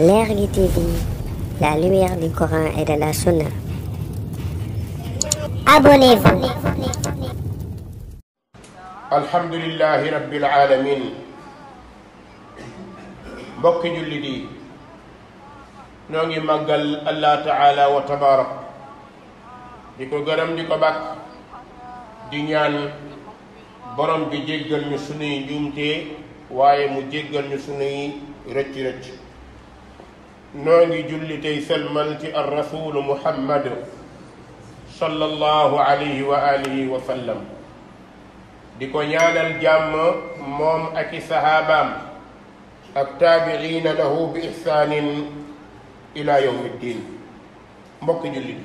L'Airly TV, la lumière du Coran et de la Sunna. Abonnez-vous. alhamdulillahi rabbil alamin mbokki Nangi yi noo allah taala wa Tabarak. Diko ko Diko Bak. ko di ñaan borom bi jéggal ñu sunuy mu ñu sunuy نونغي جولي تي الرسول محمد صلى الله عليه واله وسلم ديكو نيانال جام موم اكي صحابام التابعين له باحسان الى يوم الدين مبوك جولي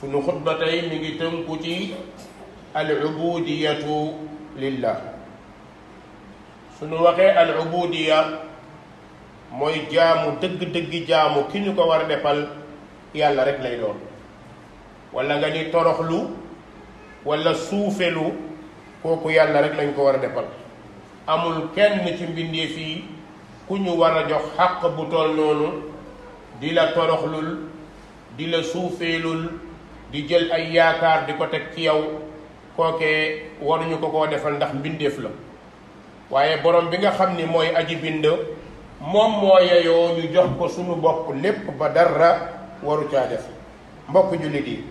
سونو خطبتاي نيغي تنكو تي العبوديه لله سونو العبوديه mooy jaamu dëgg-dëgg jaamu ki ñu ko war a defal yàlla rek lay doon walla nga ni toroxlu wala suufeelu kooku yàlla rek lañ ko war a defal amul kenn ci mbindeef yi ku ñu war a jox xàq bu toll noonu di la toroxlul di la suufeelul di jël ay yaakaar di ko teg ci yow kooke waruñu ko koo defal ndax mbindeef la waaye borom bi nga xam ni mooy aji bind moom moo yeyoo ñu jox ko sunu bopp lépp ba dara waru caa def mbokk jullit yi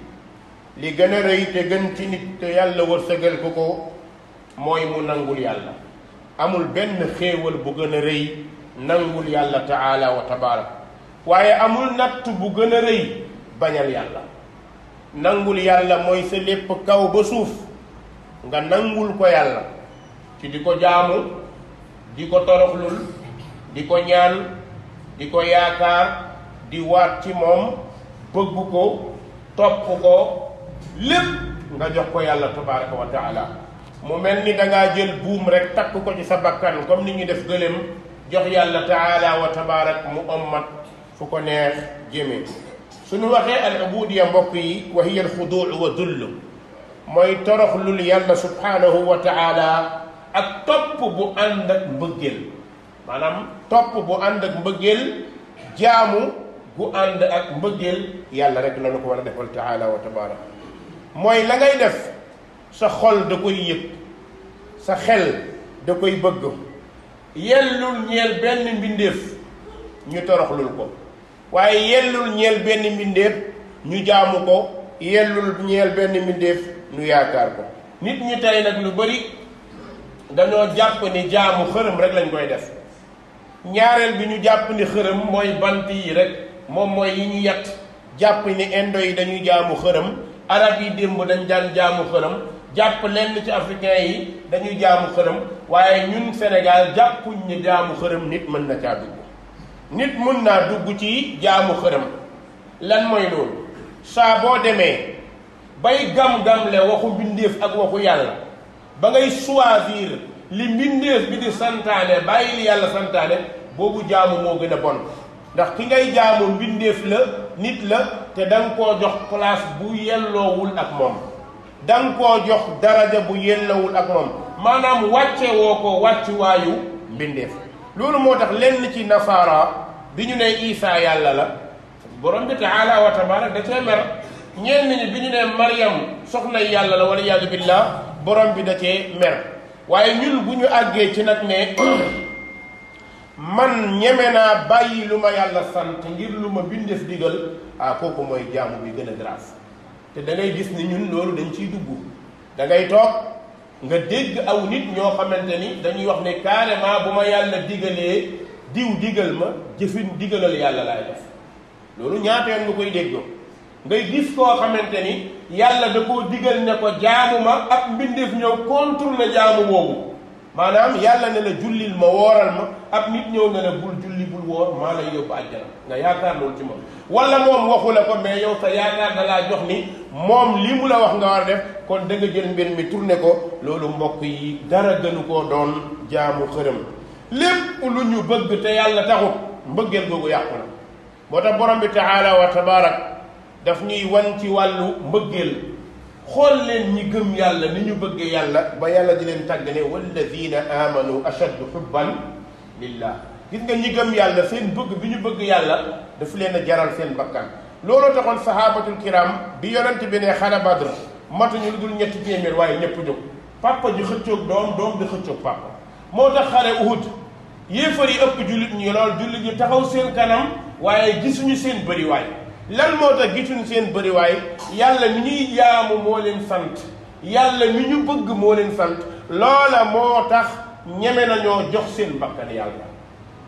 li gën a rëy te gën ci nit te yàlla wërsëgal ko ko mooy mu nangul yàlla amul benn xéewal bu gën a rëy nangul yàlla taala wa tabarak waaye amul natt bu gën a rëy bañal yàlla nangul yàlla mooy sa lépp kaw ba suuf nga nangul ko yàlla ci di ko jaamu di ko toroxlul di ko ñaan di ko yaakaar di waat ci moom bëgg ko topp ko lépp nga jox ko yàlla tabaraka wa taala mu mel ni dangaa jël buum rek takk ko ci sa bakkan comme ni ñu def gëléem jox yàlla taala wa tabarak mu ommat fu ko neex jëme suñu waxee al ubudiya mbokk yi wa hiya al xuduu wa dull mooy toroxlul yàlla subhanahu wa taala ak topp bu ànd ak mbëggeel maanaam topp bu ànd ak mbëggeel jaamu bu ànd ak mbëggeel yàlla rek la nu ko war a defal taala wa tabarak mooy la ngay def sa xol da koy yëg sa xel da koy bëgg yellul ñeel benn mbindeef ñu toroxlul ko waaye yellul ñeel benn mbindeef ñu jaamu ko yellul ñeel benn mbindéef ñu yaakaar ko nit ñi tey nag lu bari dañoo jàpp ni jaamu xërëm rek lañ koy def ñaareel bi ñu jàpp ni xërëm mooy bant yi rek moom mooy yi ñu yat jàpp ni indo yi dañuy jaamu xërëm arab yi démb dañ daan jaamu xërëm jàpp lenn ci africain yi dañuy jaamu xërëm waaye ñun Sénégal jàppuñ ni jaamu xërëm nit mën na caa dugg nit mën naa dugg ci jaamu xërëm lan mooy loolu saa boo demee bay gam-gamle waxu mbindéef ak waxu yàlla ba ngay choisir li mbindeef bi di santaane bàyyi yàlla santaane boobu jaamu moo gën bon ndax ki ngay jaamu mbindeef la nit la te da koo jox place bu yelloowul ak moom da koo jox daraja bu yelloowul ak moom maanaam wàcce woo ko wàccuwaayu mbindeef loolu moo tax lenn ci nasaara bi ñu ne Isaa yàlla la borom bi taala wa tabarak da cee mer ñenn ñi bi ñu ne Maryam soxna yàlla la wala yàlla billah borom bi da cee mer waaye ñun bu ñu àggee ci nag ne man ñeme naa bàyyi lu ma yàlla sant ngir lu ma bindeef digal ah kooku mooy jaamu bi gën a grave te da ngay gis ni ñun loolu dañ ciy dugg da ngay toog nga dégg aw nit ñoo xamante ni dañuy wax ne carrément bu ma yàlla digalee diw digal ma jëfin digalal yàlla laay def loolu ñaata yoon nga koy déggoo ngay gis koo xamante ni. yàlla da koo digal ne ko jaamu ma ab mbindeef ñëw contourné jaamu boobu maanaam yàlla ne la jullil ma wooral ma ab nit ñëw ne la bul julli bul woor maa lay yóbbu àjjana nga yaakaar loolu ci moom wala moom waxu ko mais yow sa yaakaar da laa jox ni moom li mu la wax nga war def kon da nga jël mbir mi tourné ko loolu mbokk yi dara gënu koo doon jaamu xërëm lépp lu ñu bëgg te yàlla taxut mbëggeel googu yàqu na moo tax borom bi taala wa daf ñuy wan ci wàllu mbëggeel xool leen ñi gëm yàlla ni ñu bëgg yàlla ba yàlla di leen tàgg ne walladina amanu ashaddu xubban lillah gis nga ñi gëm yàlla seen bëgg bi ñu bëgg yàlla daf leen a jaral seen bakkan looloo taxoon sahabatul kiram bi yonent bi ne xare badr matuñu lu dul ñetti téeméer waaye ñëpp jóg papa ji xëccoog doom doom di xëccoog papa moo tax xare uhud yéefar yi ëpp jullit ñi lool jullit ñi taxaw seen kanam waaye gisuñu seen bëriwaay lan moo tax gisuñ seen bëriwaay yàlla mi ñuy jaamu moo leen sant yàlla ñu ñu bëgg moo leen sant loola moo tax ñeme nañoo jox seen bakkan yàlla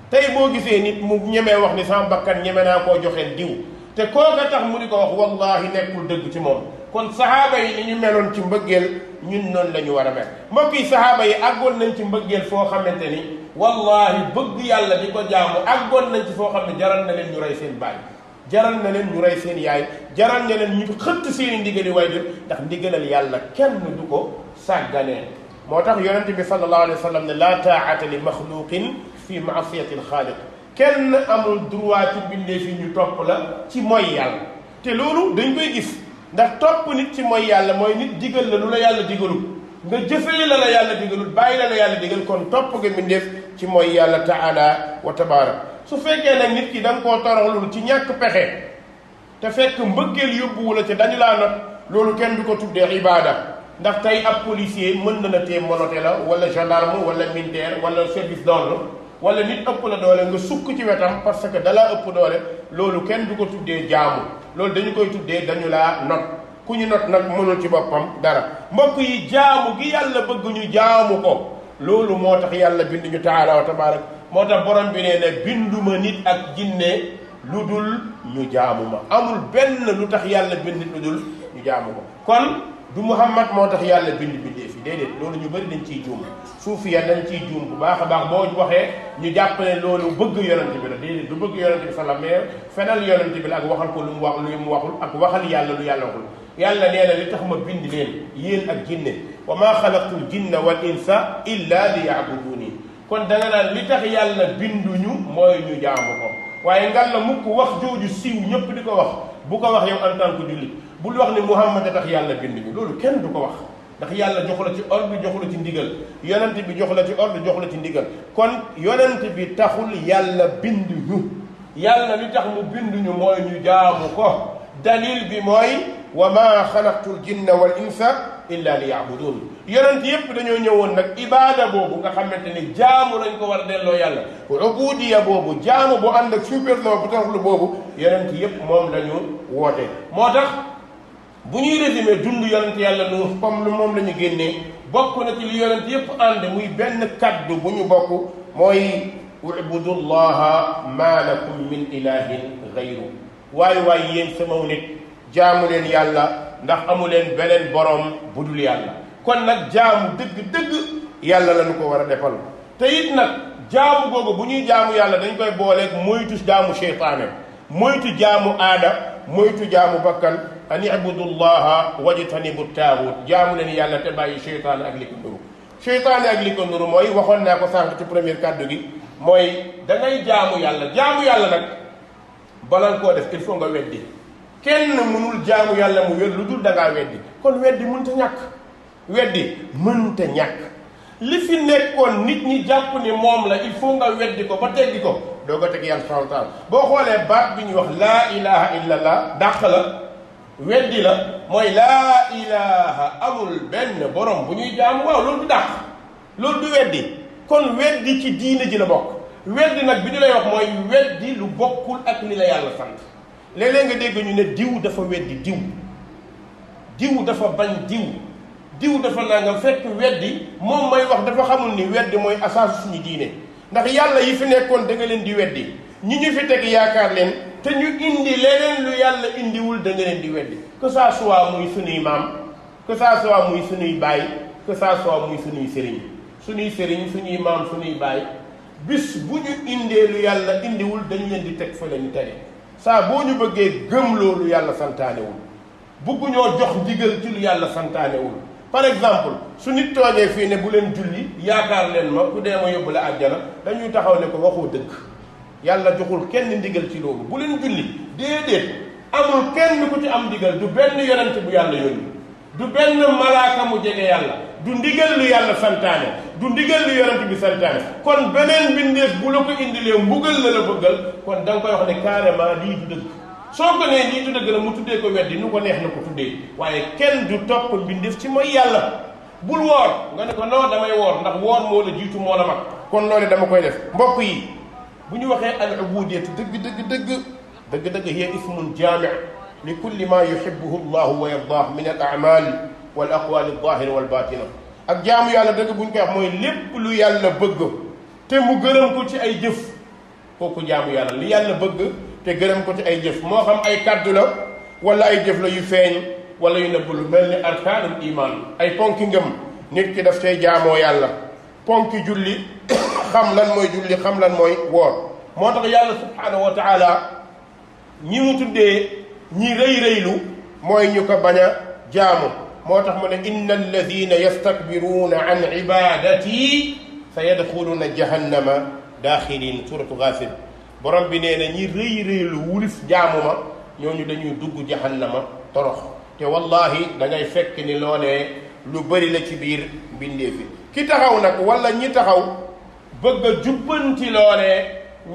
tey boo gisee nit mu ñemee wax ni sama bakkan ñeme naa koo joxee diw te ko tax mu di ko wax wallahi nekkul dëgg ci moom kon sahaaba yi ni ñu meloon ci mbëggeel ñun noonu la ñu war a mel mbokk yi sahaaba yi àggoon nañ ci mbëggeel foo xamante ni wallahi bëgg yàlla di ko jaamu àggoon nañ ci foo xam ne jaral na leen ñu rey seen bàyyi jaral na len ñu ray seen yaay jaral na len ñu xëtt seen i ndigali waajur ndax ndigalal yàlla kenn du ko sàgganee moo tax yonent bi sallallahu alayhi wa sallam ne laa taa'ata li maxluqin fi maasiyati alxaaliq kenn amul droit ci bindee fi ñu topp la ci mooy yàlla te loolu dañ koy gis ndax topp nit ci mooy yàlla mooy nit digal la lu la yàlla digalul nga jëfee la la yàlla digalul bàyyi la la yàlla digal kon topp nga mbindeef ci mooy yàlla taala wa tabarak su fekkee nag nit ki da koo toroxlul ci ñàkk pexe te fekk mbëggeel yóbbuwu la te dañu laa not loolu kenn du ko tuddee ibaada ndax tey ab policier mën na la tee monote la wala gendarme wala militaire wala service d'ordre wala nit ëpp la doole nga sukk ci wetam parce que dalaa ëpp doole loolu kenn du ko tuddee jaamu loolu dañu koy tuddee dañu laa not ku ñu not nag mënul ci boppam dara mbokk yi jaamu gi yàlla bëgg ñu jaamu ko loolu moo tax yàlla bind ñu taala wa tabarak moo borom bi ne binduma nit ak jinne ludul ñu jaamuma amul benn lu tax yàlla bind ludul ñu jaamu kon du muhammad moo tax yàlla bind bindee fi déedéet loolu ñu bari dañ ciy juum ya dañ ciy juum bu baax a baax boo waxee ñu jàpp ne loolu bëgg yonante bi la déedéet du bëgg yonante bi sala mais fenal yonante bi la ak waxal ko lu mu wax lu mu waxul ak waxal yàlla lu yàlla waxul yàlla nee na li tax ma bind leen yéen ak jinne wa ma xalaqtu jinna wal insa illa li yaabudu kon da nga naan li tax yàlla bindu ñu mooy ñu jaamu ko waaye ngal la mukk wax jooju siiw ñëpp di ko wax bu ko wax yow en tant que jullit bul wax ni Muhammad tax yàlla ñu loolu kenn du ko wax ndax yàlla jox la ci ordre jox la ci ndigal yonent bi jox la ci ordre jox la ci ndigal kon yonent bi taxul yàlla ñu yàlla li tax mu ñu mooy ñu jaamu ko dalil bi mooy وما خلقت الجن والانس الا ليعبدون يونت ييب دانيو نيوون yonent عباده بوبو nga xamanteni ni jaamu lañ ko war delo yàlla ubudiya bobu jaamu bu ànd ak supérno bu toroxlu bobu yonent yep mom lañu wote motax tax bu ñuy résumé dund yonent yàlla nu fam lu mom lañu genné bokku na ci li yonent yep ànd muy ben kaddu bu ñu bokk mooy ubudu llaha ma lakum min ilahin ghayru way way yéen sama nit jaamu leen yàlla ndax amu leen beneen borom bu dul yàlla kon nag jaamu dëgg-dëgg yàlla la ko war a defal te it nag jaamu boobu bu ñuy jaamu yàlla dañ koy booleeg moytu jaamu seytaane moytu jaamu aada moytu jaamu bakkan an ibudullaha bu taawut jaamu leen yàlla te bàyyi seytaane ak li ko nuru seytaane ak li ko mooy waxoon naa ko sànq ci première kàddu gi mooy da ngay jaamu yàlla jaamu yàlla nag balan koo def il faut nga weddi kenn mënul jaamu yàlla mu wér lu dul da ngaa weddi kon weddi mënta ñàkk weddi mënta ñàkk li fi nekkoon nit ñi jàpp ni moom la il faut nga weddi ko ba teggi ko doo ko teg yàlla subhanahu wa taala boo xoolee baat bi ñuy wax laa ilaha illa allah dàq la weddi la mooy laa ilaha amul benn borom bu ñuy jaamu waaw loolu du dàq loolu du weddi kon weddi ci diine ji la bokk weddi nag bi ñu lay wax mooy weddi lu bokkul ak li la yàlla sant léeg-léeg nga dégg ñu ne diw dafa weddi diw diw dafa bañ diw diw dafa nangam fekk weddi moom mooy wax dafa xamul ni weddi mooy asaasu suñu diine ndax yàlla yi fi nekkoon danga leen di weddi ñi ñu fi teg yaakaar leen te ñu indi leneen lu yàlla indiwul da leen di weddi que ça soit muy suñuy maam que ça soit muy suñuy baay que ça muy suñuy sëriñ suñuy sëriñ suñuy maam suñuy baay bis bu ñu indee lu yàlla indiwul dañu leen di teg fa leen tere saa boo ñu bëggee gëm loolu yàlla santaanewul bëgguñoo jox ndigal ci lu yàlla santaanewul par exemple su nit toogee fii ne bu leen julli yaakaar leen ma ku dee ma yóbbu la àjjana dañuy taxaw ne ko waxoo dëkk yàlla joxul kenn ndigal ci loolu bu leen julli déedéet amul kenn ku ci am ndigal du benn yonent bu yàlla yónni du benn malaaka mu jege yàlla du ndigal lu yàlla santaane du ndigal li yonent bi santaane kon beneen bindeef bu la ko indilee mbugal na la bëggal kon da nga koy wax ne carrément lii du dëgg soo ko nee lii du dëgg la mu tuddee ko weddi nu ko neex na ko tuddee waaye kenn du topp mbindeef ci mooy yàlla bul woor nga ne ko non damay woor ndax woor moo la jiitu moo la mag kon loolu dama koy def mbokk yi bu ñu waxee al ubudiyat dëgg dëgg dëgg dëgg dëgg hiya ismun jaami li kulli ma yuhibbuhu llahu wa yardaah min al amal wal aqwal al zahira wal batina ak jaamu yàlla dëgg bu ñu koy wax mooy lépp lu yàlla bëgg te mu gërëm ko ci ay jëf kooku jaamu yàlla li yàlla bëgg te gërëm ko ci ay jëf moo xam ay kàddu la wala ay jëf la yu feeñ wala yu nëbb lu mel ni arkaanul iman ay ponki ngëm nit ki daf cay jaamoo yàlla ponki julli xam lan mooy julli xam lan mooy woor moo tax yàlla subhaanahu wa taala ñi mu tuddee ñi rëy rëylu mooy ñu ko bañ a jaamu موتاخ من ان الذين يستكبرون عن عبادتي سيدخلون جهنم داخلين سوره غافر بروم بي نينا ني ري ري لو ولف جاموما ньоو ني دانيو دوغ جهنم تروخ تي والله دا غاي فك ني لوله لو بري لا سي بير بينديف كي تخاو نك ولا ني تخاو بغا جوبنتي لوله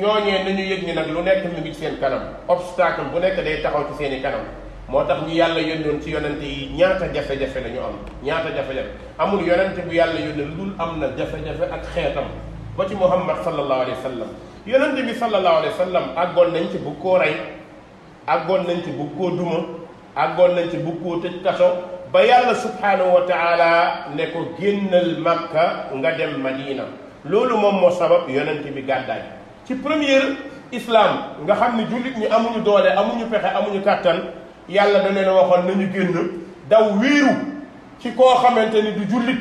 ньоو ني دانيو يغني نك لو نيك ميغي سين كانام اوبستاكل بو نيك داي تخاو سي سين كانام motax ñu yàlla yëndoon ci yonente yi ñaata jafe-jafe lañu am ñaata jafe-jafe amul yonente bu yàlla yëndé lul dul am na jafe-jafe ak xeetam ba ci muhammad sallallahu alayhi wasallam yonente bi sallallahu alayhi wasallam sallam nañ ci bu ko ray àggoon nañ ci bu ko duma àggoon nañ ci bu ko tëj taxo ba yàlla subhanahu wa taala ne ko génnal makka nga dem madina lolu mom mo sabab yonente bi gàddaay ci premier islam nga xamni julit jullit ñi amuñu doole amuñu pexe amuñu kàttan yàlla da leen waxoon nañu génn daw wiiru ci koo xamante ni du jullit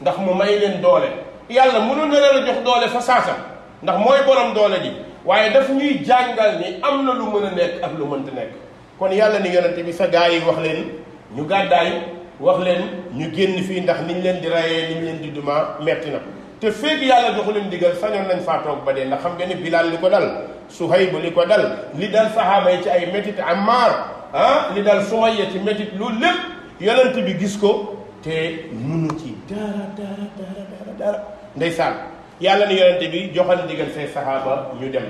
ndax mu may leen doole yàlla mënu na leen a jox doole fa saasa ndax mooy borom doole ji waaye daf ñuy jàngal ni am na lu mën a nekk ak lu mënta nekk kon yàlla ni yonente bi sa gaa yi wax leen ñu gàddaay wax leen ñu génn fii ndax niñ leen di rayee niñ leen di duma metti na te feeg yàlla joxu leen digal sañoon nañ faa toog ba dee ndax xam nga ni bilal li ko dal suhayb li ko dal li dal sahaaba yi ci ay métit ammar ah li daal Sumayya ci métit loolu lépp yonent bi gis ko te munu ci dara dara dara dara dara ndeysaan yàlla ni yonent bi joxal digal say saxaaba ñu dem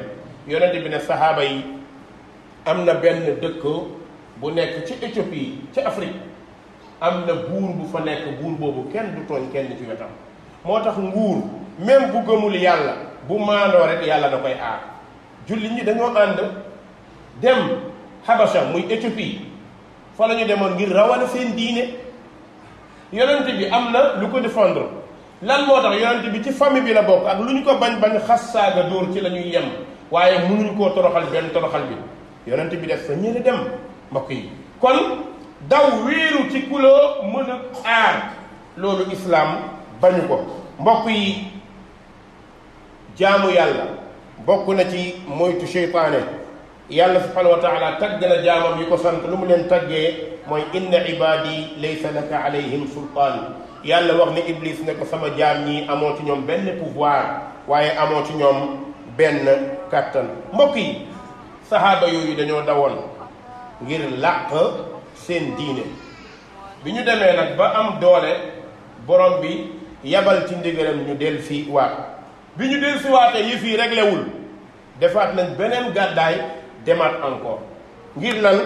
yonent bi ne saxaaba yi am na benn dëkk bu nekk ci yi ci Afrique am na buur bu fa nekk buur boobu kenn du tooñ kenn ci wetam moo tax nguur même bu gëmul yàlla bu maandoo rek yàlla da koy aar julli ñi dañoo ànd dem Habasha muy Éthiopie fa la ñu demoon ngir rawale seen diine yonent bi am na lu ko défendre lan moo tax yonent bi ci famille bi la bokk ak lu ñu ko bañ bañ xas saaga dóor ci la ñuy yem waaye mënuñ koo toroxal benn toroxal bi yonent bi def fa ñële dem mbokk yi kon daw wéeru ci kuloo mën a aar loolu islaam bañu ko mbokk yi jaamu yàlla bokk na ci moytu seytaane yàlla subhanahu wa taala tagg na jaamam yi ko sant lu mu leen taggee mooy inna ibadi laysa laka alayhim sultaan yàlla wax ne ibliis ne ko sama jaam ñi amoo ci ñoom benn pouvoir waaye amoo ci ñoom benn kàttan mbokk yi sahaaba yooyu dañoo dawoon ngir làq seen diine bi ñu demee nag ba am doole borom bi yabal ci ndigalam ñu del si waa bi ñu del si waatee yëf yi réglé wul defaat nañ beneen gàddaay demaat encore ngir lan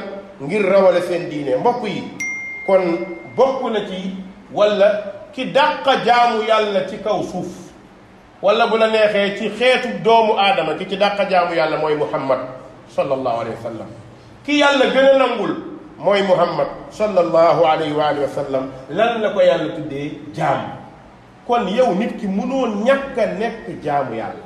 ngir rawale seen diine mbokk yi kon bokk na ci walla ki dàq jaamu yàlla ci kaw suuf walla bu na neexee ci xeetu doomu aadama ki ci dàq jaamu yàlla mooy muhammad sallallahu alayhi wa sallam ki yàlla gën a nangul mooy muhammad sallallahu alayhi wa alihi wa sallam lan la ko yàlla tuddee jaam kon yow nit ki mënoo ñàkk a nekk jaamu yàlla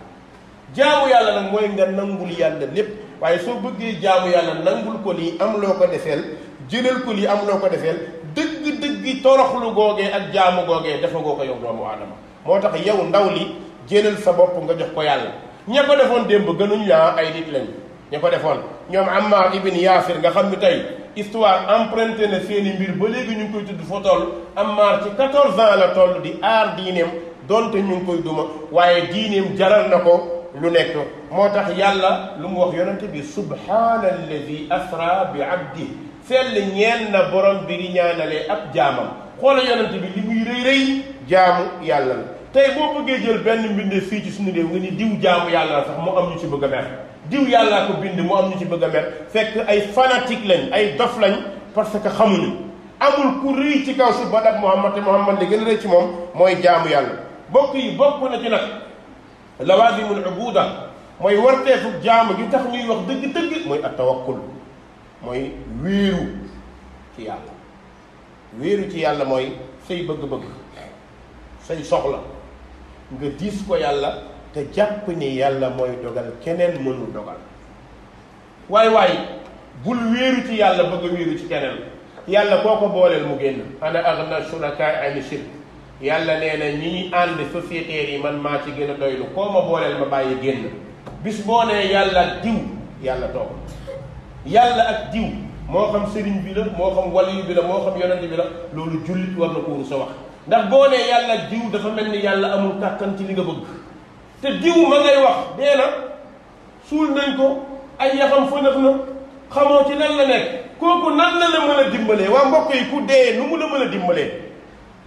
jaamu yàlla nag mooy nga nangul yàlla lépp waaye soo bëggee jaamu yàlla nangul ko lii am loo ko defeel jëlal ko lii am loo ko defeel dëgg-dëgg toroxlu googee ak jaamu googee dafa goo ko yow doomu aadama moo tax yow ndaw li jëlal sa bopp nga jox ko yàlla ña ko defoon démb gënuñ la ay nit lañ ña ko defoon ñoom am Ammar ibn Yaasir nga xam ni tey histoire emprunté na seeni mbir ba léegi ñu ngi koy tudd fa am Ammar ci 14 ans la toll di aar diineem donte ñu ngi koy duma waaye diineem jaral na ko lu nekk moo tax yàlla lu mu wax yonente bi subhaana alladi asra bi abdi fell ñeen na borom bi di ñaanalee ab jaamam xoola yonente bi li muy rëy rëy jaamu yàlla la tey boo bëggee jël benn mbindee fii ci suñu réew nga ni diw jaamu yàlla la sax mu am ñu ci bëgg a mer diw yàllaa ko bind mu am ñu ci bëgg a mer fekk ay fanatique lañ ay dof lañu parce que xamuñu amul ku rëy ci kaw su ba dab Muhammad te Muhammad li gën a rëy ci moom mooy jaamu yàlla bokk yi bokk na ci لوازم العبوده موي ورتي فوك جام جي تخ نيو واخ دغ دغ موي التوكل موي ويرو تي يالا ويرو تي يالا موي سي بغ بغ سي سوخلا نغا ديس كو يالا تا جاب ني يالا موي دوغال كينين مونو دوغال واي واي بول ويرو تي يالا بغ ويرو تي كينين يالا كوكو بولل مو ген انا اغنى شركاء عن الشرك yàlla nee na ñi ñuy ànd sociétaires yi man maa ci gën a doylu koo ma booleel ma bàyyi génn bis boo nee yàlla ak diw yàlla toog yàlla ak diw moo xam sëriñ bi la moo xam waliyu bi la moo xam yonent bi la loolu jullit war na ko sa wax ndax boo nee yàlla ak diw dafa mel ni yàlla amul kàttan ci li nga bëgg te diw ma ngay wax dee na suul nañ ko ay yaxam fënëf na xamoo ci nan la nekk kooku nan la la mën a dimbalee waa mbokk yi ku dee nu mu la mën a dimbalee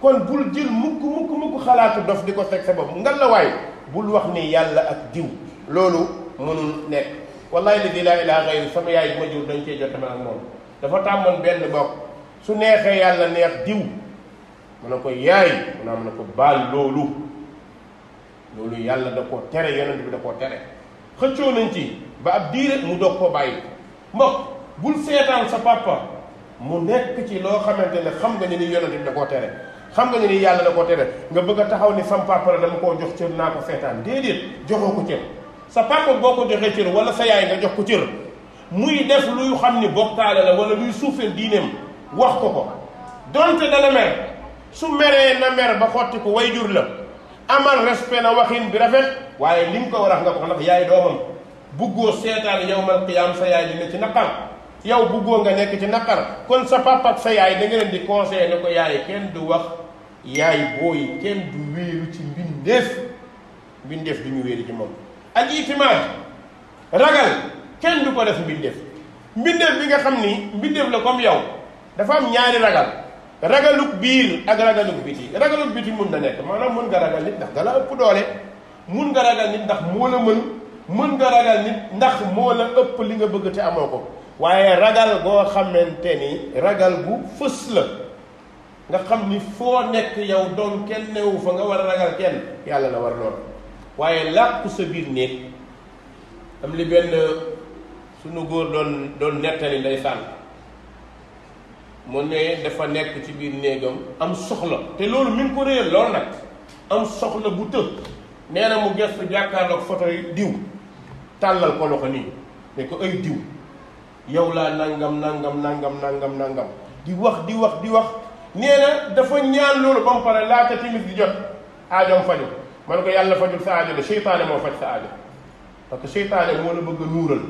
kon bul jël mukk mukk mukk xalaatu dof di ko teg sa bopp ngal la waay bul wax ni yàlla ak diw loolu mënul nekk wallahi ladi laa ilaa gayru sama yaay ma jur dañ cee jotama ak moom dafa tàmmoon benn bokk su neexee yàlla neex diw mu ne ko yaay mu naa mu ne ko baal loolu loolu yàlla da koo tere yonent bi da koo tere xëccoo nañ ci ba ab diire mu doog ko bàyyi mbokk bul seetaan sa papa mu nekk ci loo xamante ne xam nga ni ni yonent bi da koo tere xam nga ne ni yàlla da koo tere nga bëgg a taxaw ni sam papa la dama koo jox cër naa ko seetaan déedéet joxoo ko cër sa papa boo ko joxee cër wala sa yaay nga jox ko cër muy def luy xam ni bokkaale la wala luy suufeel diineem wax ko ko donte dana mer su meree na mer ba xotti ko way jur la amal respect na waxin bi rafet waaye li mu ko war a nga ko xam ndax yaay doomam buggoo seetaan yowmal qiyaam sa yaay dina ci naqar yow bëggoo nga nekk ci naqar kon sa papa sa yaay da nga leen di conseillé ne ko yaay kenn du wax yaay booy kenn du wéeru ci mbindeef mbindeef du ñu wéeru ci moom al itimaad ragal kenn ko def mbindeef mbindeef bi nga xam ni mbindeef la comme yow dafa am ñaari ragal ragaluk biir ak ragaluk biti ragaluk biti mun na nekk maanaam mën nga ragal nit ndax la ëpp doole mun nga ragal nit ndax moo la mën mën nga ragal nit ndax moo la ëpp li nga bëgg te amoo ko waaye ragal boo xamante ni ragal bu fës la nga xam ni foo nekk yow doom kenn newu fa nga war a ragal kenn yàlla la war lool waaye làqu sa biir néeg am li góor doon doon nettali ndeysaan mu ne dafa nekk ci biir néegam am soxla te loolu mi ko réer lool nag am soxla bu të nee na mu gestu jàkkaarloog photo yi diw tàllal ko loxo nii ne ko ay diw yow laa nangam nangam nangam nangam nangam di wax di wax di wax nee na dafa ñaan loolu ba mu pare laata timis di jot aajoom faju ma ne ko yàlla fajul sa aajo de seytaane moo faj sa aajo parce que seytaane moo la bëgg a nuural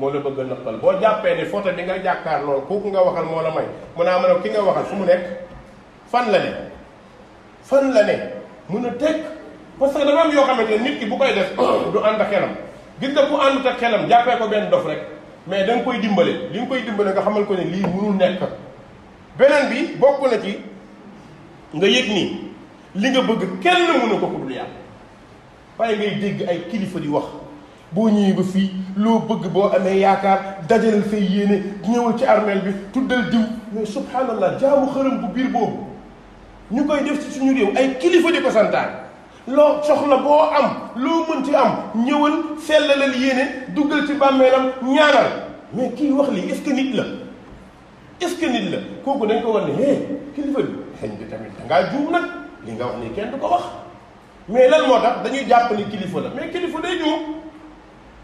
moo la bëgg a nëppal boo jàppee ne photo bi nga jàkkaar loolu kooku nga waxal moo la may mu a ah, ma ne ki nga waxal fu mu nekk fan la ne fan la ne mun a teg parce que dafa am yoo xamante ne nit ki bu koy def du ànd ak xelam gis nga bu àndut ak xelam ko benn dof rek mais da koy dimbale li nga koy dimbale nga xamal ko ne lii mënul nekk beneen bi bokk na ci nga yëg ni li nga bëgg kenn mënu ko ku dul yàlla waaye ngay dégg ay kilifa di wax boo ñëwee ba fii loo bëgg boo amee yaakaar dajalal fay yéene ñëwal ci armeel bi tuddal diw mais subhanallah jaamu xërëm bu biir boobu ñu koy def ci suñu réew ay kilifa di ko santaan loo soxla boo am loo mënti am ñëwal sellalal yéene duggal ci bàmmeelam ñaanal mais kii wax lii est-ce que nit la est-ce que nit la kooku dañ ko war ne hé kilifa bi xëñ bi tamit dangaa juum nag li nga wax nii kenn du ko wax mais lan moo tax dañuy jàpp ni kilifa la mais kilifa day juum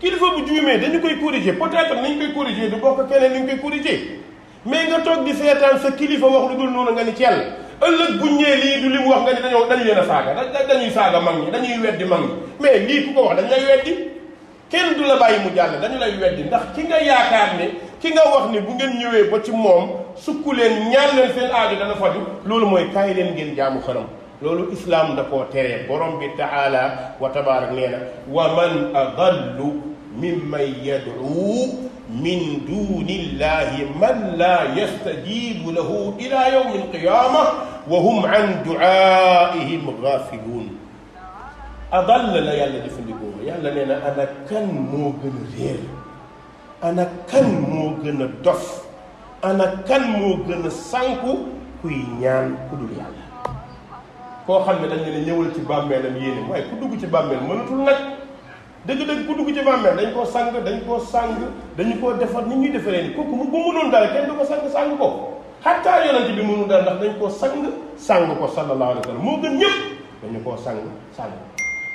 kilifa bu juumee dañu koy corriger peut-être nañ koy corriger du bokk keneen ni ñu koy corriger mais nga toog di seetaan sa kilifa wax lu dul noonu nga ni ci ëllëg bu ñëwee lii du li mu wax nga ni dañoo dañu leen a saaga dañuy saaga mag ñi dañuy weddi mag ñi mais lii ku ko wax dañ lay weddi kenn du la bàyyi mu jàll dañu lay weddi ndax ki nga yaakaar ne ki nga wax ni bu ngeen ñëwee ba ci moom sukk leen ñaan leen seen aaju dana faju loolu mooy kaay leen ngeen jaamu xaram loolu islaam da koo teree borom bi taala wa tabaarak nee na wa man adallu mimman yad'u من دون الله من لا يستجيب له إلى يوم القيامة وهم عن دعائهم غافلون أضل لا يلا في لقوة يلا لنا أنا كان موغن غير أنا كان موغن الدف أنا كان موغن سانكو كي ñaan ku ريال yàlla koo xam ne dañ ne ñëwal ci bàmmeelam yéene waaye dëgg-dëgg ku dugg ci bàmmeel dañ koo sang dañ koo sang dañu koo defar nit ñuy defaree ni kooku mu bu mënoon dara kenn du ko sang sang ko xattaa yonent bi mënu dara ndax dañ koo sang sang ko sallallahu alayhi wa sallam moo gën ñëpp dañu koo sang sang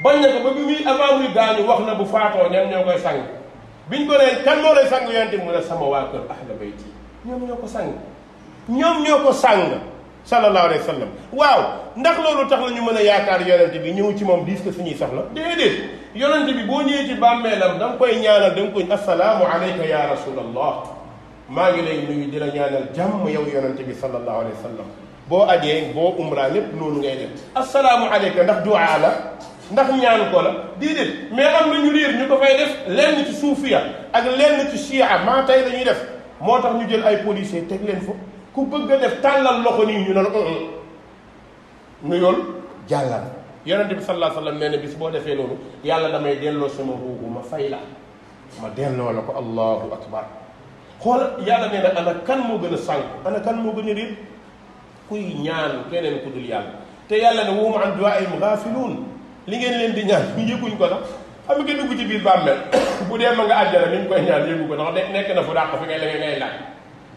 bañ na ko ba bi muy avant muy gaañu wax na bu faatoo ñan ñoo koy sang biñ ko nee kan moo lay sang yonent mu ne sama waa kër ahla bayti ñoom ñoo ko sang ñoom ñoo ko sang sallallahu alayhi wa sallam waaw ndax loolu tax na ñu mën a yaakaar yonent bi ñëw ci moom diis ko suñuy soxla déedéet yonent bi boo ñëwee ci bàmmeelam da nga koy ñaanal da nga koy assalaamu alayka ya rasulallah maa ngi lay nuyu di la ñaanal jàmm yow yonent bi sallallahu alayhi wa sallam boo ajee boo umra lépp loolu ngay def assalaamu alayka ndax duaa la ndax ñaan ko la déedéet mais am na ñu réer ñu ko fay def lenn ci suufiya ak lenn ci chia maa tey dañuy def moo tax ñu jël ay policier teg leen fa ku bëgg a def tàllal loxo nii ñu ne la nuyool jàllal yonente bi sallallahu alayhi wa sallam nee na bis boo defee loolu yàlla damay delloo sama ruugu ma fay la ma delloo la ko allahu akbar xool yàlla nee na ana kan moo gën a sànq ana kan moo gën a réer kuy ñaan keneen ku dul yàlla te yàlla ne wahum an duwaa'ihim gaafiluun li ngeen leen di ñaan ñu yëguñ ko sax xam nga dugg ci biir bàmmeel bu dee ma nga àjjana mi ñu koy ñaan yëgu ko ndax nekk na fu dàq fi ngay la ngay laaj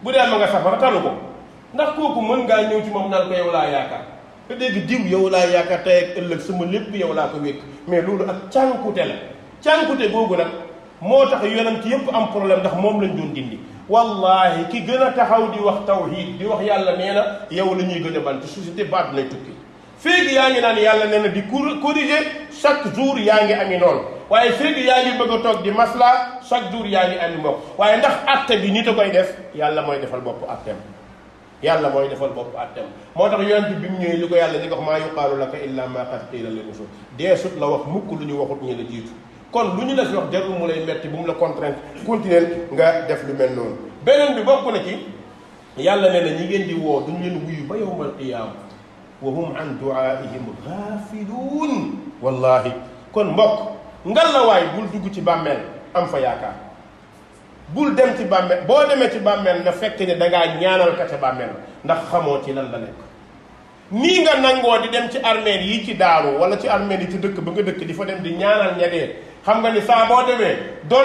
bu dee ma nga safara tanu ko ndax kooku mën ngaa ñëw ci moom naan ko yow laa yaakaar te dégg diw yow laa yaakaar tey ak ëllëg sama lépp yow laa ko wékk mais loolu ak cànkute la cànkute boobu nag moo tax yonent yépp am problème ndax moom lañ doon dindi wallahi ki gën a taxaw di wax tawhid di wax yàlla nee na yow la ñuy gën a bant société baat na tukki féegi yaa ngi naan yàlla nee na di corriger chaque jour yaa ngi ami noonu waaye féegi yaa ngi bëgg a toog di masla chaque jour yaa ngi ami mbokk waaye ndax acte bi nit a koy def yàlla mooy defal bopp acte yàlla mooy defal bopp àttam moo tax yonent bi mu ñëwee li ko yàlla di ko wax maa yuqaalu laka illa ma qad qiila li rusul deesut la wax mukk lu ñu waxut ñu la jiitu kon lu ñu la si wax jarul mu lay metti bu mu la contrainte continuer nga def lu mel noonu beneen bi bokk na ci yàlla nee na ñi ngeen di woo duñ leen wuyu ba yowmal qiyaama wa hum an duaihim gaafiluun wallahi kon mbokk ngal la waay bul dugg ci bàmmeel am fa yaakaar bul dem ci bàmmeel boo demee ci bàmmeel nga fekk ne dangaa ñaanal ka ca bàmmeel ndax xamoo ci lan la nekk nii nga nangoo di dem ci armeel yi ci daaru wala ci armeel yi ci dëkk ba nga dëkk di fa dem di ñaanal ñadee xam nga ni saa boo demee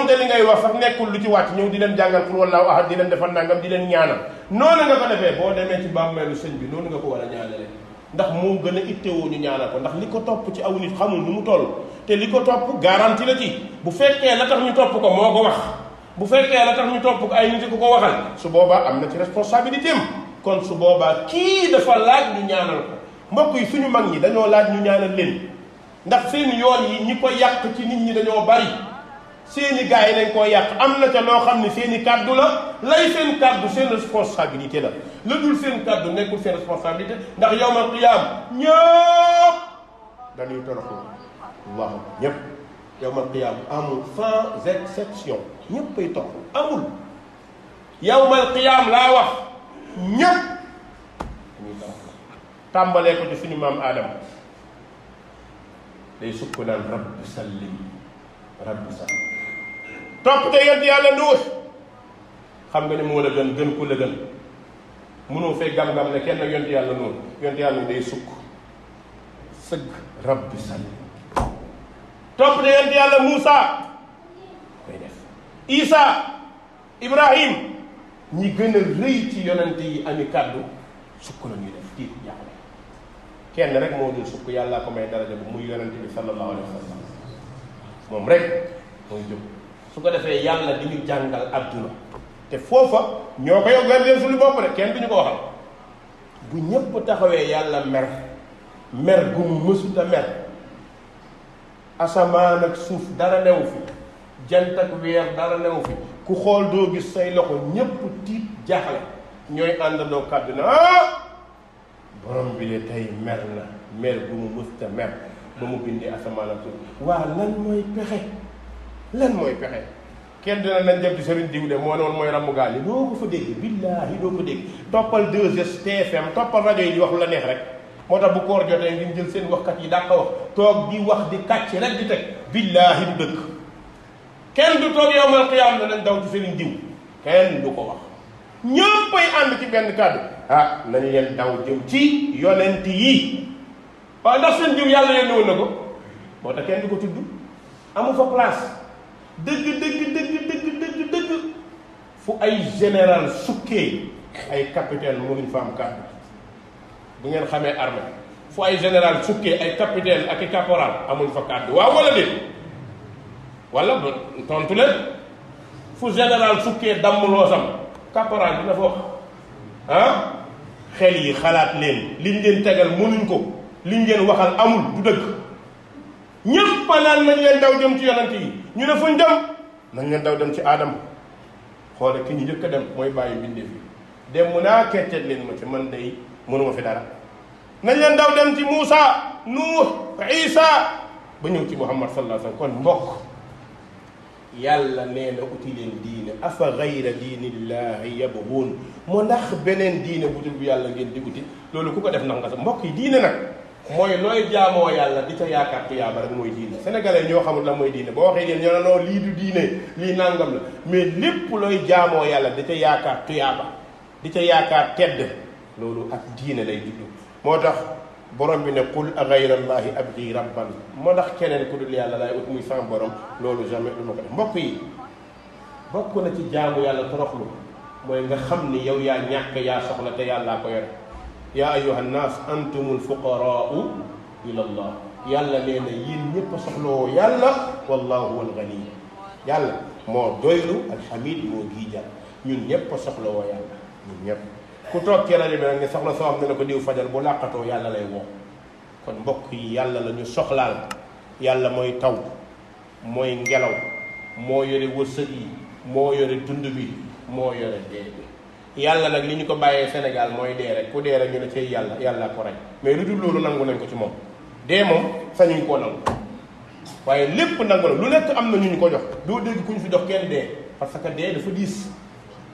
de li ngay wax sax nekkul lu ci wàcc ñëw di leen jàngal pour wallaahu ahad di leen defal nangam di leen ñaanal noonu nga ko defee boo demee ci bàmmeelu sëñ bi noonu nga ko war a ndax moo gën a ittewoo ñu ñaanal ko ndax li ko topp ci aw nit xamul mu toll te li ko topp garanti la ci bu fekkee la tax ñu topp ko moo ko wax bu fekkee la tax ñu topp ay nit ko ko waxal su boobaa am na ci responsabilité am kon su boobaa kii dafa laaj ñu ñaanal ko mbokk yi suñu mag ñi dañoo laaj ñu ñaanal leen ndax seen yool yi ñi ko yàq ci nit ñi dañoo bari seeni gaay lañ ko yàq am na ca loo xam ne seeni kàddu la lay seen kàddu seen responsabilité la la dul seen kàddu nekkul seen responsabilité ndax yowmal qiyaam ñëpp dañuy toroxu allahu ñëpp yawmal qiyaama amul sans exception ñëppay topp amul yawmal qiyaam laa wax ñëpp dañuy taxaw tàmbalee ko ci suñu maam Adama day sukk naan rabbi sallim rabbi sallim topp te yent yàlla nuux xam nga ni moo la gën gën ku la gën mënoo fay gam-gam ne kenn yont yàlla nuux yont yàlla day sukk sëgg rabbi sallim topp na yonent yàlla Moussa koy def Isa Ibrahim ñi gën a rëy ci yonent yi ami kàddu sukk la ñuy def tiit jaaxle kenn rek moo dul sukk yàllaa ko may daraja bu muy yonent bi sallallahu alayhi wa sallam moom rek mooy jóg su ko defee yàlla di ñu jàngal adduna te foofa ñoo ko yokk leen suñu bopp rek kenn du ñu ko waxal bu ñëpp taxawee yàlla mer mer gu mu mësuta mer asamaan ak suuf dara newu fi jant ak weer dara newu fi ku xool doo gis say loxo ñépp tiit jaaxle ñooy àndandoo kàddu na ah! borom bi de tey mer na mer bu mu mësta mer ba mu bindee asamaan ak suuf waa lan mooy pexe lan mooy pexe kenn dina nañ dem di sëriñ diw de moo ne woon mooy ramu gaal yi doo ko fa dégg billaahi doo ko dégg toppal 2STFM toppal rajo yi di wax la neex rek motax bu koor jotee ngeen jël seen waxkat yi dàq wax toog di wax di kàcc rek di teg billahi du dëkk kenn du toog yow mal xiyaam na nañ daw ci seen diw kenn du ko wax ñëppay ànd ci benn kàddu ah nañ leen daw jëm ci yonent yi waaw ndax seen diw yàlla yónni woon na ko moo tax kenn du ko tudd amu fa place dëgg dëgg dëgg dëgg dëgg dëgg fu ay général sukkee ay capitaine mënuñ fa am kàddu bu ngeen xamee armée fu ay général fukkee ay capitaine ak caporal amuñ fa kàddu waaw wala déet wala tontu leen fu général fukkee damm loosam caporal dina fa wax ah xel yi xalaat leen liñ leen tegal mënuñ ko liñ leen waxal amul du dëgg ñëpp naan nañ leen daw jëm ci yonent yi ñu ne fuñ dem nañ leen daw dem ci aadama xoole ki ñu njëkk a dem mooy bàyyi bindee fi dem mu naa ketteet leen ma ci man day mënuma fi dara nañ la ndaw dem ci Moussa Nuux Isa ba ñëw ci Muhammad sallallahu alayhi wa sallam kon mbokk yàlla nee na uti leen diine afa gayra diinillahi yabghun mu ndax beneen diine bu dul yàlla ngeen di uti loolu ku ko def ndax sax mbokk yi diine nag mooy looy jaamoo yàlla di ca yaakaar tuyaaba rek mooy diine sénégalais ñoo xamul la mooy diine boo waxee yéen ñoo lii du diine lii nangam mais lépp looy jaamoo yàlla di ca yaakaar tuyaaba di ca yaakaar tedd loolu ak diine lay juddu moo tax borom bi ne qul a gayrallahi abgi rabban moo tax keneen ku dul yàlla laay ut muy sama borom loolu jamais du ma ko def mbokk yi bokk na ci jaamu yàlla toroxlu mooy nga xam yow yaa ñàkk yaa soxla te yàllaa ko yore yaa ayuha nnaas antumul fuqaraau ila allah yàlla nee na yéen ñëpp a yàlla wallahu huwa alganiy yàlla moo doylu hamid moo giijal ñun ñëpp a soxlawoo yàlla ñun ñëpp ku toog ci rajo bi nag ne soxla soo am ne la ko diw fajal bu làqatoo yàlla lay woo kon mbokk yi yàlla lañu ñu soxlaal yàlla mooy taw mooy ngelaw moo yore wërsëg yi moo yore dund bi moo yore dee bi yàlla nag li ñu ko bàyyee Sénégal mooy dee rek ku dee rek ñu ne cay yàlla yàlla ko rey mais lu dul loolu nangu nañ ko ci moom dee moom sañuñ koo nangu waaye lépp nangu na lu nekk am na ñu ñu ko jox doo dégg ku ñu fi jox kenn dee parce que dee dafa diis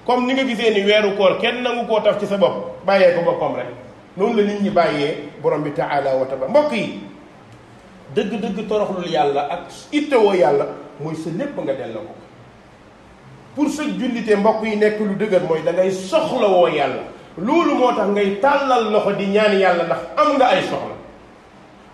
comme ni nga gisee ni weeru koor kenn nangu koo taf ci sa bopp bàyyee ko boppam rek noonu la nit ñi bàyyee borom bi taala wa taala mbokk yi dëgg-dëgg toroxlul yàlla ak ittewoo yàlla mooy sa lépp nga delloo ko pour sa jullite mbokk yi nekk lu dëgër mooy dangay ngay soxlawoo yàlla loolu moo tax ngay tàllal loxo di ñaan yàlla ndax am nga ay soxla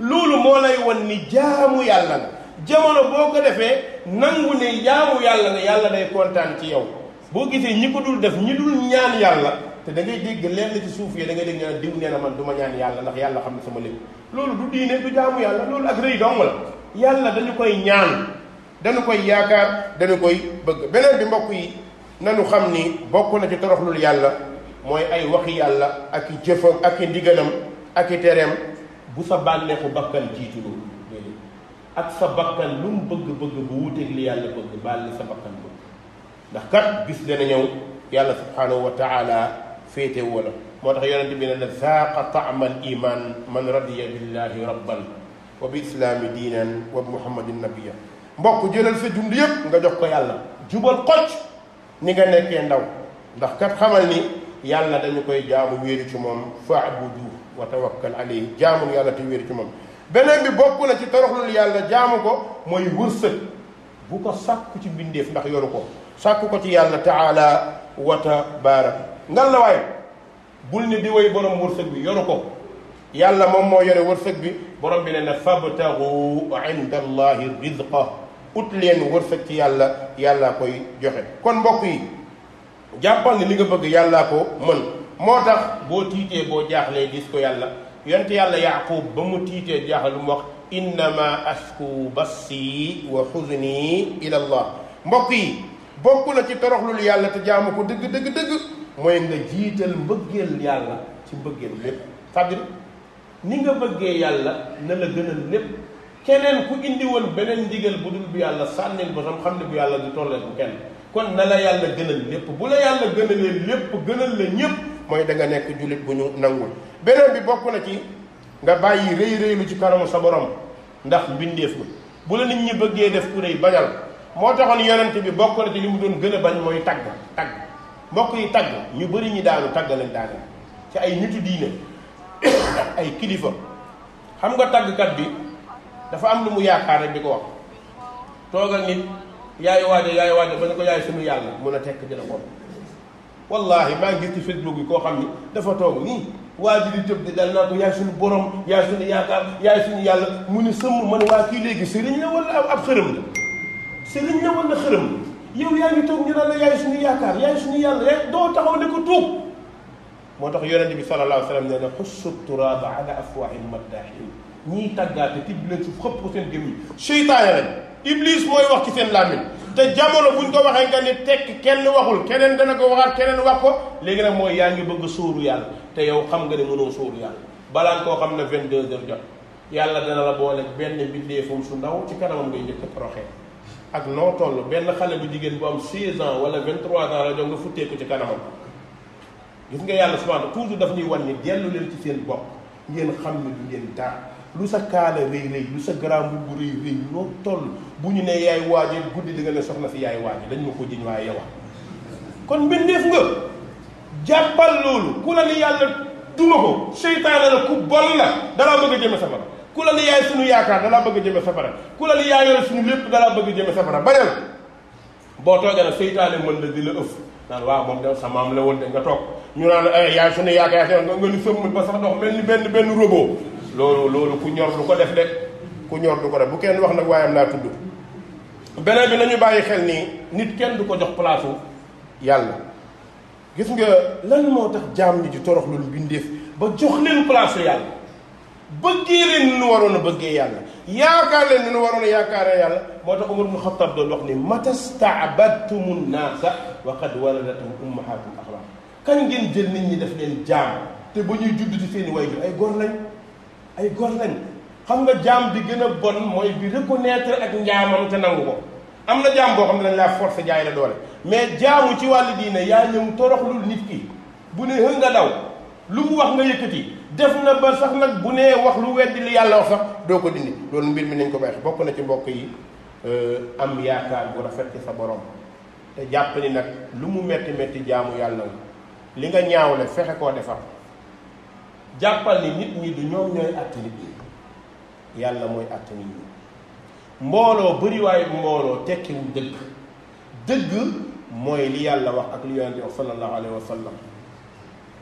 loolu moo lay wan ni jaamu yàlla nga jamono boo ko defee nangu ne jaamu yàlla nga yàlla day kontaan ci yow boo gisee ñi ko dul def ñi dul ñaan yàlla te da ngay dégg lenn ci suuf yi da ngay dégg ñaan diw nee na man du ma ñaan yàlla ndax yàlla xam ne sama lépp loolu du diine du jaamu yàlla loolu ak rëy dong la yàlla dañu koy ñaan dañu koy yaakaar dañu koy bëgg beneen bi mbokk yi nanu xam ni bokk na ci toroxlul yàlla mooy ay waxi yàlla ak i jëfam ak i ndigalam ak i tereem bu sa bànneexu bakkan jiituloo ak sa bakkan lu mu bëgg-bëgg bu wuteeg li yàlla bëgg bàlli sa bakkan ndax kat bis dana ñëw yàlla subhanahu wa taala féete wala moo tax yonente bi ne la zaaqa taama al iman man radiya billahi rabban wa bi islaami diinan wa bi muhammadin nabiya mbokk jëlal sa dund yépp nga jox ko yàlla jubal xocc ni nga nekkee ndaw ndax kat xamal ni yàlla dañu koy jaamu wéeru ci moom faabudu wa tawakkal alayhi jaamul yàlla te wéeru ci moom beneen bi bokk na ci toroxlul yàlla jaamu ko mooy wërsëg bu ko sàkku ci mbindeef ndax yoru ko sàkku ko ci yàlla taala wa tabarak ngan la waay bul ni di way borom wërsëg bi yoru ko yàlla moom moo yore wërsëg bi borom bi ne na fabtagu inda allahi rizqa ut leen wërsëg ci yàlla yàllaa koy joxe kon mbokk yi jàppal ni li nga bëgg yàllaa ko mën moo tax boo tiitee boo gis ko yàlla yonte yàlla yaqub ba mu tiitee jaaxle lu wax innama asku bassi wa xuzni ila allah mbokk yi bokk na ci toroxlul yàlla te jaamu ko dëgg dëgg dëgg mooy nga jiital mbëggeel yàlla ci mbëggeel lépp cest à ni nga bëggee yàlla na la gënal lépp keneen ku indi beneen ndigal bu dul bu yàlla sànnil ba sam xam ne bu yàlla du tollee bu kenn kon na la yàlla gënal lépp bu la yàlla gënalee lépp gënal la ñëpp mooy danga nga nekk jullit bu ñu nangul beneen bi bokk na ci nga bàyyi rëy rëylu ci kanamu sa borom ndax mbindeef bu la nit ñi bëggee def ku rëy moo taxoon yonent bi bokk na ci li mu doon gën a bañ mooy tagg tagg mbokk yi tagg ñu bëri ñi daanu tagg lañ daane ci ay nitu diine ay kilifa xam nga taggkat bi dafa am lu mu yaakaar rek di ko wax toogal nit yaay waajo yaay waajo ba ñu ko yaay sunu yàlla mun a tekk dina ko wallahi maa ngi gis ci facebook bi koo xam ni dafa toog nii waa ji di tëb di dal naa ko yaay suñu borom yaay suñu yaakaar yaay suñu yàlla mu ni sëmm man waa kii léegi sëriñ la wala ab xërëm la sëriñ la wala xërëm yow yaa ngi toog ñu naan la yaay suñu yaakaar yaay suñu yàlla yaay doo taxaw ne ko tuub moo tax yonente bi sallallahu alayhi wa sallam nee na xussu turaaba ala afwaahil maddaahin ñiy tàggaate tibb leen suuf xëpp ko seen gémmiñ seytaane lañ iblis mooy wax ci seen làmmiñ te jamono buñ ko waxee nga ni tekk kenn waxul keneen dana ko waxaat keneen wax ko léegi nag mooy yaa ngi bëgg sóoru yàlla te yow xam nga ne mënoo sóoru yàlla balaan koo xam ne 22 heures jot yàlla dana la boole benn mbindeefam su ndaw ci kanamam ngay njëkk proxee ak noo toll benn xale bu jigéen bu am 16 ans wala 23 ans la doon nga futteeku ci kanamam gis nga yàlla subhanahu toujours daf ñuy wan ni dellu leen ci seen bopp ngeen xam ne du ngeen dara lu sa kaala rëy rëy lu sa garaam bu rëy rëy loo toll bu ñu ne yaay waaje guddi di nga ne soxna si yaay waaje dañ ma ko jiñ waaye yow kon mbindeef nga jàppal loolu ku la ni yàlla duma ko seytaane la ku bon la dara bëgg a jëme sama kula li ni yaay sunu yaakaar dala bëgg jëme safara ku la ni yaayal sunu lépp dala bëgg jëme safara bare la boo toogee na seytaane mën la di la ëf naan waaw moom dem sa maam la woon de nga toog ñu naan eh, yaay sunu yaakaar yaay nga nga ni sëmm ba sax dox mel ni benn benn robot loolu loolu ku ñor du ko def de ku ñor du ko def bu kenn wax nag waayam naa tudd beneen bi nañu bàyyi xel ni nit kenn du ko jox place yàlla gis nga lan moo tax jaam ni torox lu bindeef ba jox leen place yàlla bëggee leen ni ñu waroon a bëggee yàlla yaakaar leen ni ñu waroon a yaakaaree yàlla moo tax Umar ibn Xattaab doon wax ni mata staabadtumu nnaasa wa qad waladatum ummahatum axlaaq kañ ngeen jël nit ñi def leen jaam te ba ñuy judd ci seen i ay góor lañ ay góor lañ xam nga jaam bi gën a bon mooy bi reconnaître ak njaamam te nangu ko am na jaam boo xam ne dañ laa forcé jaay la doole mais jaamu ci wàllu diine yaa ñëw toroxlul nit ki bu ne hën nga lu mu wax nga yëkkati def na ba sax nag bu nee wax lu weddi li yàlla wax sax doo ko dindi loolu mbir mi nañ ko bàyyi bokk na ci mbokk yi euh, am yaakaar bu rafet ci sa borom te jàpp nag lu mu metti metti jaamu yàlla li nga ñaawle fexe koo defar jàppal ni nit ñi du ñoom ñooy àtt nit yàlla mooy àtt nit ñi mbooloo bëriwaay mbooloo tekkiwul dëgg dëgg mooy li yàlla wax ak li yonente wax sallallahu alayhi wa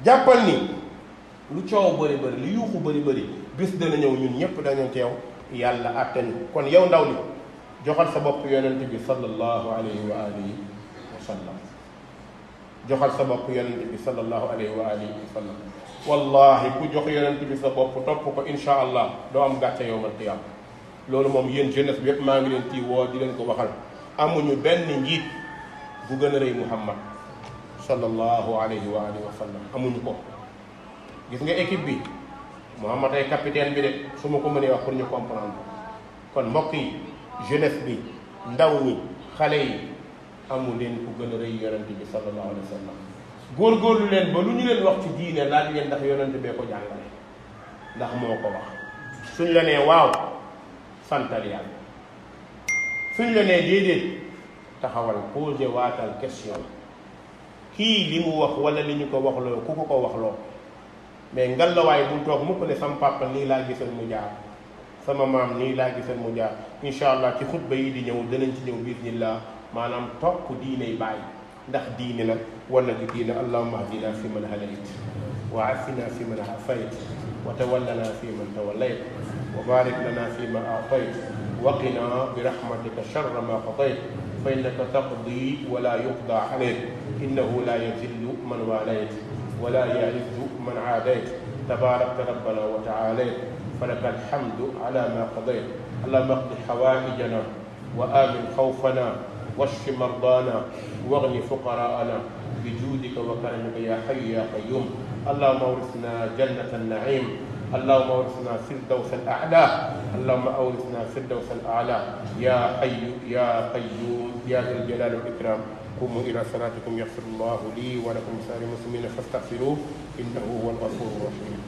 jàppal ni lu coow bëri bëri lu yuuxu bëri bëri bis dana ñëw ñun ñëpp dañu teew yàlla àtte kon yow ndaw li joxal sa bopp yonent bi sallallahu alayhi wa sa bopp yonent bi sallallahu alayhi wallahi ku jox yonent bi sa bopp topp ko insha allah doo am gàcce yowmal qiyaama loolu moom yéen jeunesse bi yépp maa ngi leen ci woo di leen ko waxal amuñu benn njiit bu gën a rëy muhammad sallallahu alayhi wa alihi wa sallam amuñu ko gis nga équipe bi mohammed ay capitaine bi de suma ko mënee wax pour ñu comprendre kon mbokk yi jeunesse bi ndaw ñi xale yi amu leen ku gën a rëy yonente bi sallallahu alayhi wa gor góorgóorlu leen ba lu ñu leen wax ci diine di leen ndax yonente bee ko jàngale ndax moo ko wax suñ la nee waaw santal yàlla suñ la nee déedéet taxawal posé waatal question kii li mu wax wala li ñu ko waxloo ku ko ko waxloo mais ngal la way bu tok mu ko ne sam papa ni la gisal mu jaar sama mam ni la gisal mu jaar inshallah ci khutba yi di ñëw dinañ ci ñëw bir bismillah manam top diine bay ndax diine la wala du diine allahumma ahdina fi man halayt wa afina fi man afayt wa tawallana fi man tawallayt wa barik lana fi ma atayt wa qina bi rahmatika sharra ma qadayt فإنك تقضي ولا يقضى عليك إنه لا يذل من واليت ولا يعز من عاديت تباركت ربنا وتعاليت فلك الحمد على ما قضيت اللهم اقض حوائجنا وآمن خوفنا واشف مرضانا واغن فقراءنا بجودك وكرمك يا حي يا قيوم اللهم اورثنا جنة النعيم اللهم اورثنا فردوس الاعلى اللهم اورثنا فردوس الاعلى يا حي يا قيوم يا ذا الجلال والاكرام قوموا الى صلاتكم يغفر الله لي ولكم سائر المسلمين فاستغفروه إنه هو الغفور الرحيم